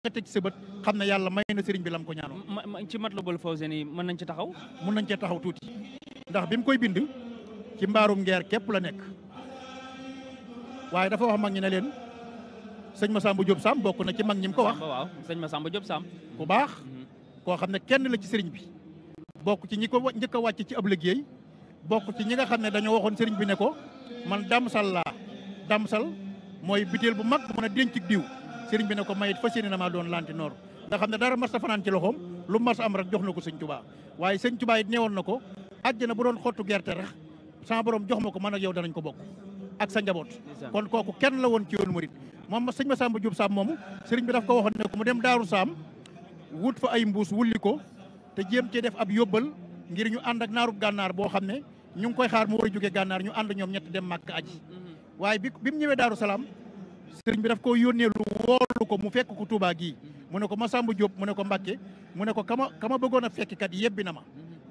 nga tëj sa bët xam ne yàlla may na sëriñ bi lam ko ñaanoon ci Matlabul Fawzayni mën nañ ci taxaw mën nañ ci taxaw tuuti ndax bi mu koy bind ci mbaarum ngeer képp la nekk waaye dafa wax mag ñi ne leen sëñ Masamba Diop Sam bokk na ci mag ñi mu ko waaw sëñ Masamba Diop Sam ku baax mhm. koo xam ne kenn la ci sëriñ bi bokk ci ñi ko njëkk wàcc ci ab liggéey bokk ci ñi nga xam ne dañoo waxoon sëriñ bi ne ko man damsal laa damsal mooy biteel bu mag mën a denc diw sëriñ bi na ko mayit fas yéene na maa doon lantinoor nga xam ne dara mas a fanaan ci loxoom lu mas am rek jox na ko sëñ Tuubaa waaye sëñ Tuubaa it neewoon na ko àjjana bu doon xottu gerte rek sama borom jox ma ko man ak yow danañ ko bokk ak sa njaboot kon kooku kenn la woon ci yoonu murit moom sëñ Masamba Diop Sam moomu sëriñ bi daf ko waxoon ne ko mu dem Daaru Saam wut fa ay mbuus wulli ko te jëm cee def ab yóbbal ngir ñu ànd ak naarub gànnaar boo xam ne ñu ngi koy xaar mu war a ñu ànd ñoom ñett dem màkk aji waaye bi bi mu ñëwee Daaru Salaam sëriñ bi daf ko yónnee lu woolu ko mu fekk ko Touba gii mu ne ko Massamba Diop mu ne ko Mbacke mu ne ko kama kama bëggoon a fekki kat yebbi na ma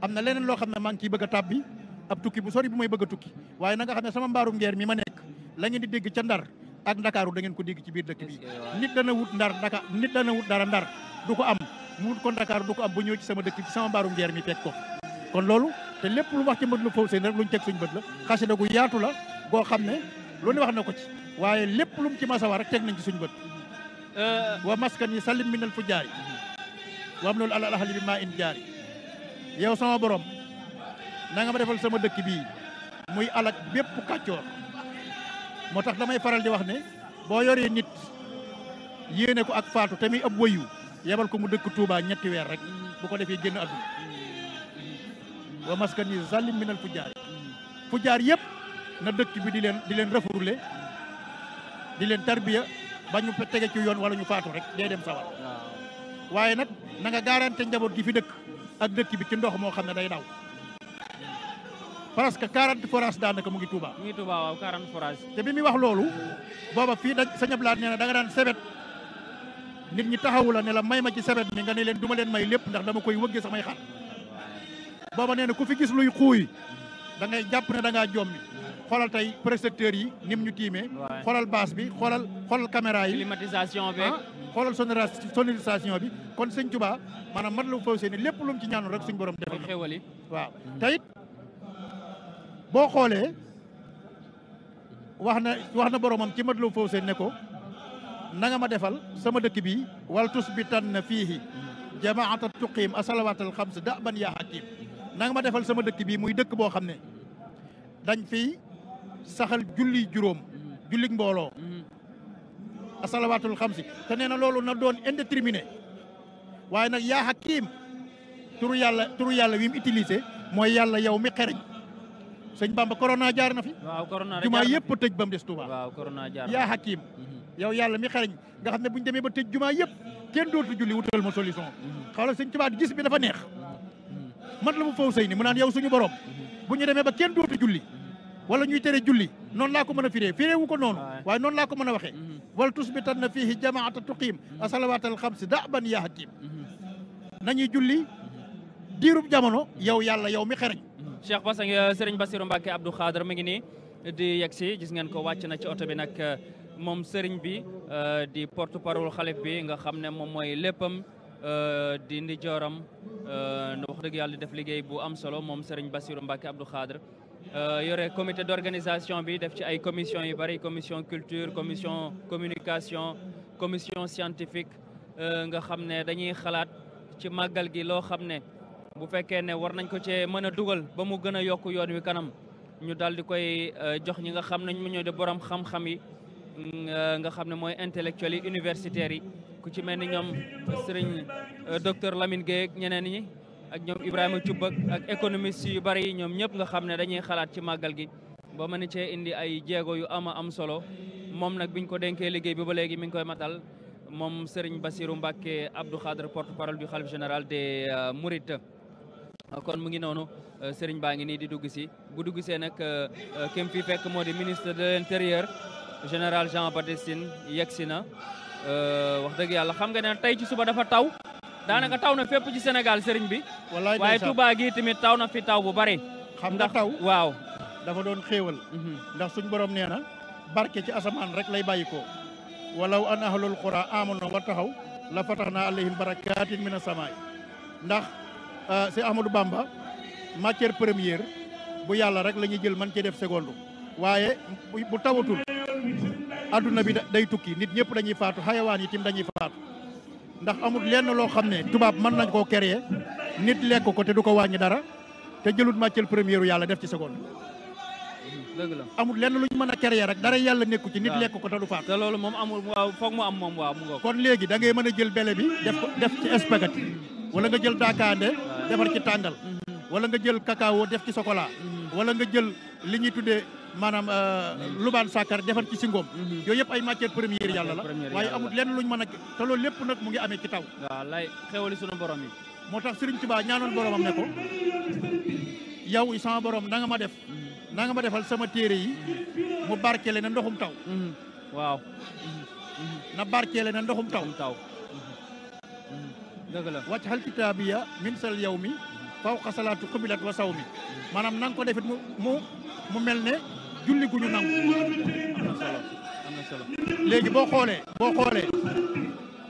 am na leneen loo xam ne maa ngi ciy bëgg a tàbbi ab tukki bu sori bu may bëgg tukki waaye nanga xam ne sama mbaarum ngeer mi ma nekk la ngeen di dégg ca ndar ak ndakaaru da ngeen ko ci biir dëkk bi nit dana wut ndar daka nit dana wut dara ndar du ko am mu wut ko ndakaaru du ko am bu ñëw ci sama dëkk ci sama ngeer mi fekk ko kon loolu te lépp lu wax ci mbënd lu faw seen rek lu ñu teg suñ bët la xasida la goo xam ne lu ne na ko ci waaye lépp lu mu ci masa wax rek teg nañ ci suñu bët euh, wa maskan yi salim minal fu jaari wam maa in jaari yow sama borom na nga defal sama dëkk bii muy alak bépp kàccoor moo tax damay faral di wax ne boo yoree nit yéene ko ak faatu te ab wëyu yebal ko mu dëkk Touba ñetti weer rek ko defee génn àdduna wa maskan yi zalim minal fujjaar dëkk bi di leen di leen refourler di leen tarbiya ba ñu tege ci yoon wala ñu faatu rek dee dem sawar waaye nag na nga garanté njaboot gi fi dëkk ak dëkk bi ci ndox moo xam ne day daw parce que 40 forage daanaka mu ngi Touba. mu ngi Touba waaw 40 te bi muy wax loolu booba fi da sa ñablaat nee na da nga daan sebet nit ñi taxawu la ne la may ma ci sebet mi nga ne leen duma leen may lépp ndax dama koy wëgge samay xar booba nee na ku fi gis luy xuuy da ngay jàpp ne da ngaa jommi xoolal tey projecteurs yi nim ñu tiimee. xoolal baas bi xoolal xoolal caméra yi. climatisation beeg ah, xoolal sonorisation bi kon sëñ Tuubaa maanaam mat la faw seen lépp lu ci ñaanoon rek suñ borom defal xewali waaw te it boo xoolee wax na wax na boromam ci mat la faw see ne ko na nga ma defal sama dëkk bi wala tus bi tan na fiihi jamaata tuqiim xam xams da ban yaa hakim na ma defal sama dëkk bi muy dëkk boo xam ne dañ fii saxal julli juróom mm-hmm. jullik mbooloo mm-hmm. asalawaatul xam te nee na loolu na doon indéterminé waaye nag yaa hakiim turu yàlla turu yàlla wi mu utilisé mooy yàlla yow mi xereñ sëñ Bamba corona jaar na fi. waaw corona jumaa yëpp tëj ba mu des Touba. waaw corona jaar yaa hakiim mm-hmm. yow yàlla mi xereñ nga xam ne bu demee ba tëj jumaa yëpp kenn dootu julli wutal ma solution. xawla sëñ Touba gis bi dafa neex. man la mu faw sëy mu naan yow suñu borom bu ñu demee ba kenn dootu julli. wala ñuy tere julli noonu laa ko mën a firee firee wu ko noonu waaye noonu laa ko mën a waxee mhm. wala tusbitan na fiihi jamaata tuqiim mhm. asalawaatal xamsi da ban yaahatim mhm. nañuy julli diirub jamono yow yàlla yow mi xereñ Cheikh Bass euh, Serigne Bassirou Mbacké Abdou Khadre mi ngi nii di yegg si gis ngeen ko wàcc na ci oto bi nag euh, moom sëriñ bi euh, di porte parole xalif bi nga xam ne moom mooy léppam di ndi jooram wax dëgg yàlla def liggéey bu am solo moom Serigne Bassirou Mbacké Abdou Khadre Euh, yore comité d'organisation bi def ci ay commission yu bari commission culture commission communication commission scientifique euh, nga xam ne dañuy xalaat ci màggal gi loo xam ne bu fekkee ne war nañ ko cee mën a dugal ba mu gën a yokk yoon wi kanam ñu daal di koy euh, jox ñi nga xam ne ñu ñoo di borom xam-xam yi nga xam ne mooy intellectuels yi universitaires yi ku ci mel ni ñoom sëriñ docteur Lamine Guèye ak ñeneen ñi ak ñoom Ibrahima Thioub ak économiste yu bari ñoom ñëpp nga xam ne dañuy xalaat ci màggal gi ba mën cee indi ay jéego yu ama am solo moom nag biñ ko denkee liggéey bi ba léegi mi ngi koy matal moom Serigne Bassirou Mbacké Abdou Khadre porte-parole du khalife général de euh, Mourides. kon mu ngi noonu euh, Serigne baa ngi nii di dugg si bu dugg see nag euh, kim fi fekk moo di ministre de l'intérieur général Jean Baptiste Tine yegg si na wax dëgg yàlla xam nga ne tey ci suba dafa taw. daanaka taw na fépp ci Sénégal sëriñ bi. wallaay waaye Touba gii tamit taw na fi taw bu bari. xam nga taw waaw. dafa doon xéewal. Mhm. ndax suñ borom nee na barke ci asamaan rek lay bàyyi wala walaw an ahlul qura amanu wa taxaw tax la fataxna alayhim barakatin mina samaay ndax si euh, Amadou Bamba matière première bu yàlla rek lañuy jël man cee def seconde waaye bu tawatul adduna bi day tukki nit ñëpp dañuy faatu xayawaan yi tim dañuy faatu ndax amul lenn loo xam ne tubaab man nañ koo créer nit lekk ko te du ko wàññi dara te jëlut matière première yàlla def ci seconde. dëgg la amul lenn lu ñu mën a créer rek dara yàlla nekku ci nit lekk ko te du faat. loolu moom amul waaw foog mu am moom waaw mu ngoog. kon léegi da ngay mën a jël bele bi def def ci spaghetti wala nga jël daakaande defar ci tàngal. Mm-hmm. wala nga jël cacao def ci chocolat. Mm-hmm. wala nga jël li maanaam euh, lubaan sàkkar defar ci si ngoom mhm. yooyu yëpp ay matière première yàlla la waaye amul lenn luñ mën a te loolu lépp nag mu ngi amee ci taw waaw lay xewali sunu borom yi moo tax Serigne Touba ñaanoon boromam ne ko yow sama borom na ma def mhm. na ma defal sama téere yi mu barkeele na ndoxum taw mhm. waaw na barkeele na ndoxum taw taw dëgg la wàcc xal kitaabiya min sal yow mi faw xasalaatu xubilat wa saw mi maanaam na ko defit mu mu mel ne julli gu ñu nangu. am na solo léegi boo xoolee. boo xoolee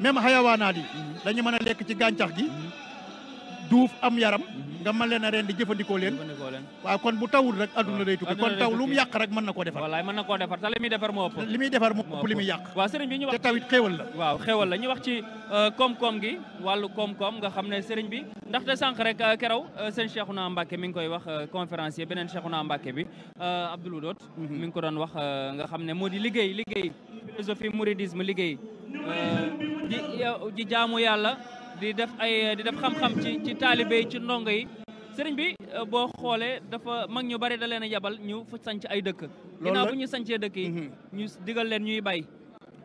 même xayawaanaat yi. dañu mën a lekk ci gàncax gi. duuf am yaram. nga mën leen a ren di jëfandikoo leen waaw kon bu tawul rek adduna day tukki kon taw lu rek mën na ko defar wallaay mën na koo defar te li muy defar moo ëpp li muy waaw sëriñ bi ñu wax te tawit xéewal la waaw xéewal euh, koom-koom gi wàllu koom-koom nga xam ne sëriñ bi ndaxte sànq rek euh, keraw euh, sëñ Cheikhouna Mbacké mi ngi koy wax conférencier beneen Cheikhouna Mbacké bi Abdoul Wudud mhm. mi ngi ko doon wax nga xam ne moo di liggéey liggéey philosophie mouridisme liggéey ji jaamu yàlla di def ay di def xam-xam ci taalibe yi ci ndongo yi sëriñ bi euh, boo xoolee dafa mag ñu bari da leen a jabal ñu fa sanc ay dëkk ginnaaw bu ñu sancee dëkk yi mhm. ñu digal leen ñuy bay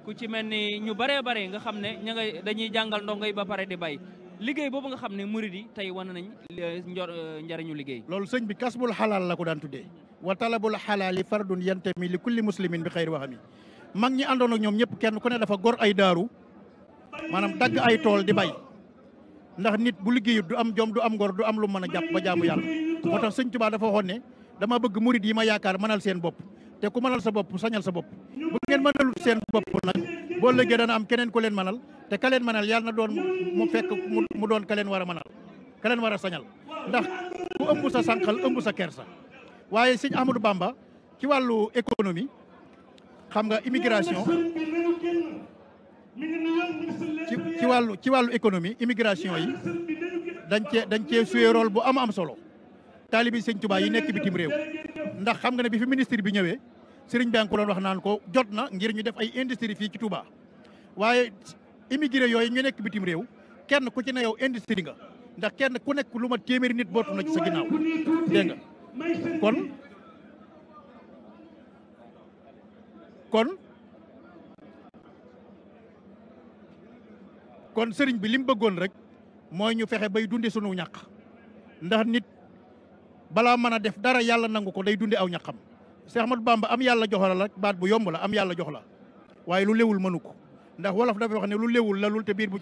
ku ci mel ni ñu baree bare nga xam ne ña nga dañuy jàngal ndongo yi ba pare di bay liggéey boobu nga xam ne murid yi tey wane nañ euh, njor euh, njariñu liggéey loolu sëñ bi kas kasbul xalaal la ko daan tuddee wa talabul xalaali fardun yantami li kulli muslimin bi xayri waxami mag ñi àndoon ak ñoom ñëpp kenn ku ne dafa gor ay daaru maanaam dagg ay tool di bay ndax nit bu liggéeyut du am jom du am ngor du am lu mën a jàpp ba jaamu yàlla moo tax sëñ Tuubaa dafa waxoon ne dama bëgg murid yi ma yaakaar mënal seen bopp te ku mënal sa bopp sañal sa bopp bu ngeen mënalut seen bopp nag boo liggéey dana am keneen ku leen manal te ka leen mënal yàlla na doon mu fekk mu doon ka leen war a mënal ka leen war a sañal ndax ku ëmb sa sànqal ëmb sa kersa waaye sëñ Ahmadou Bamba ci wàllu économie xam nga immigration ci ci wàllu ci wàllu économie immigration yi dañ cee dañ cee suyee rôle bu am am solo taalibi sëñ Tuubaa yi nekk bitim réew ndax xam nga ne bi fi ministre bi ñëwee sëriñ bi ko doon wax naan ko jot na ngir ñu def ay industrie fii ci Touba waaye immigré yooyu ñu nekk bitim réew kenn ku ci ne yow industrie nga ndax kenn ku nekk lu ma téeméeri nit bootu na ci sa ginnaaw dégg nga kon kon kon sëriñ bi li mu bëggoon rek mooy ñu fexe bay dunde sunu ñàq ndax nit balaa mën a def dara yàlla nangu ko day dunde aw ñàqam Seex Ahmadu Bamba am yàlla jox la rek baat bu yomb la am yàlla jox la waaye lu léwul mënu ndax wolof dafay wax ne lu léwul la te biir bu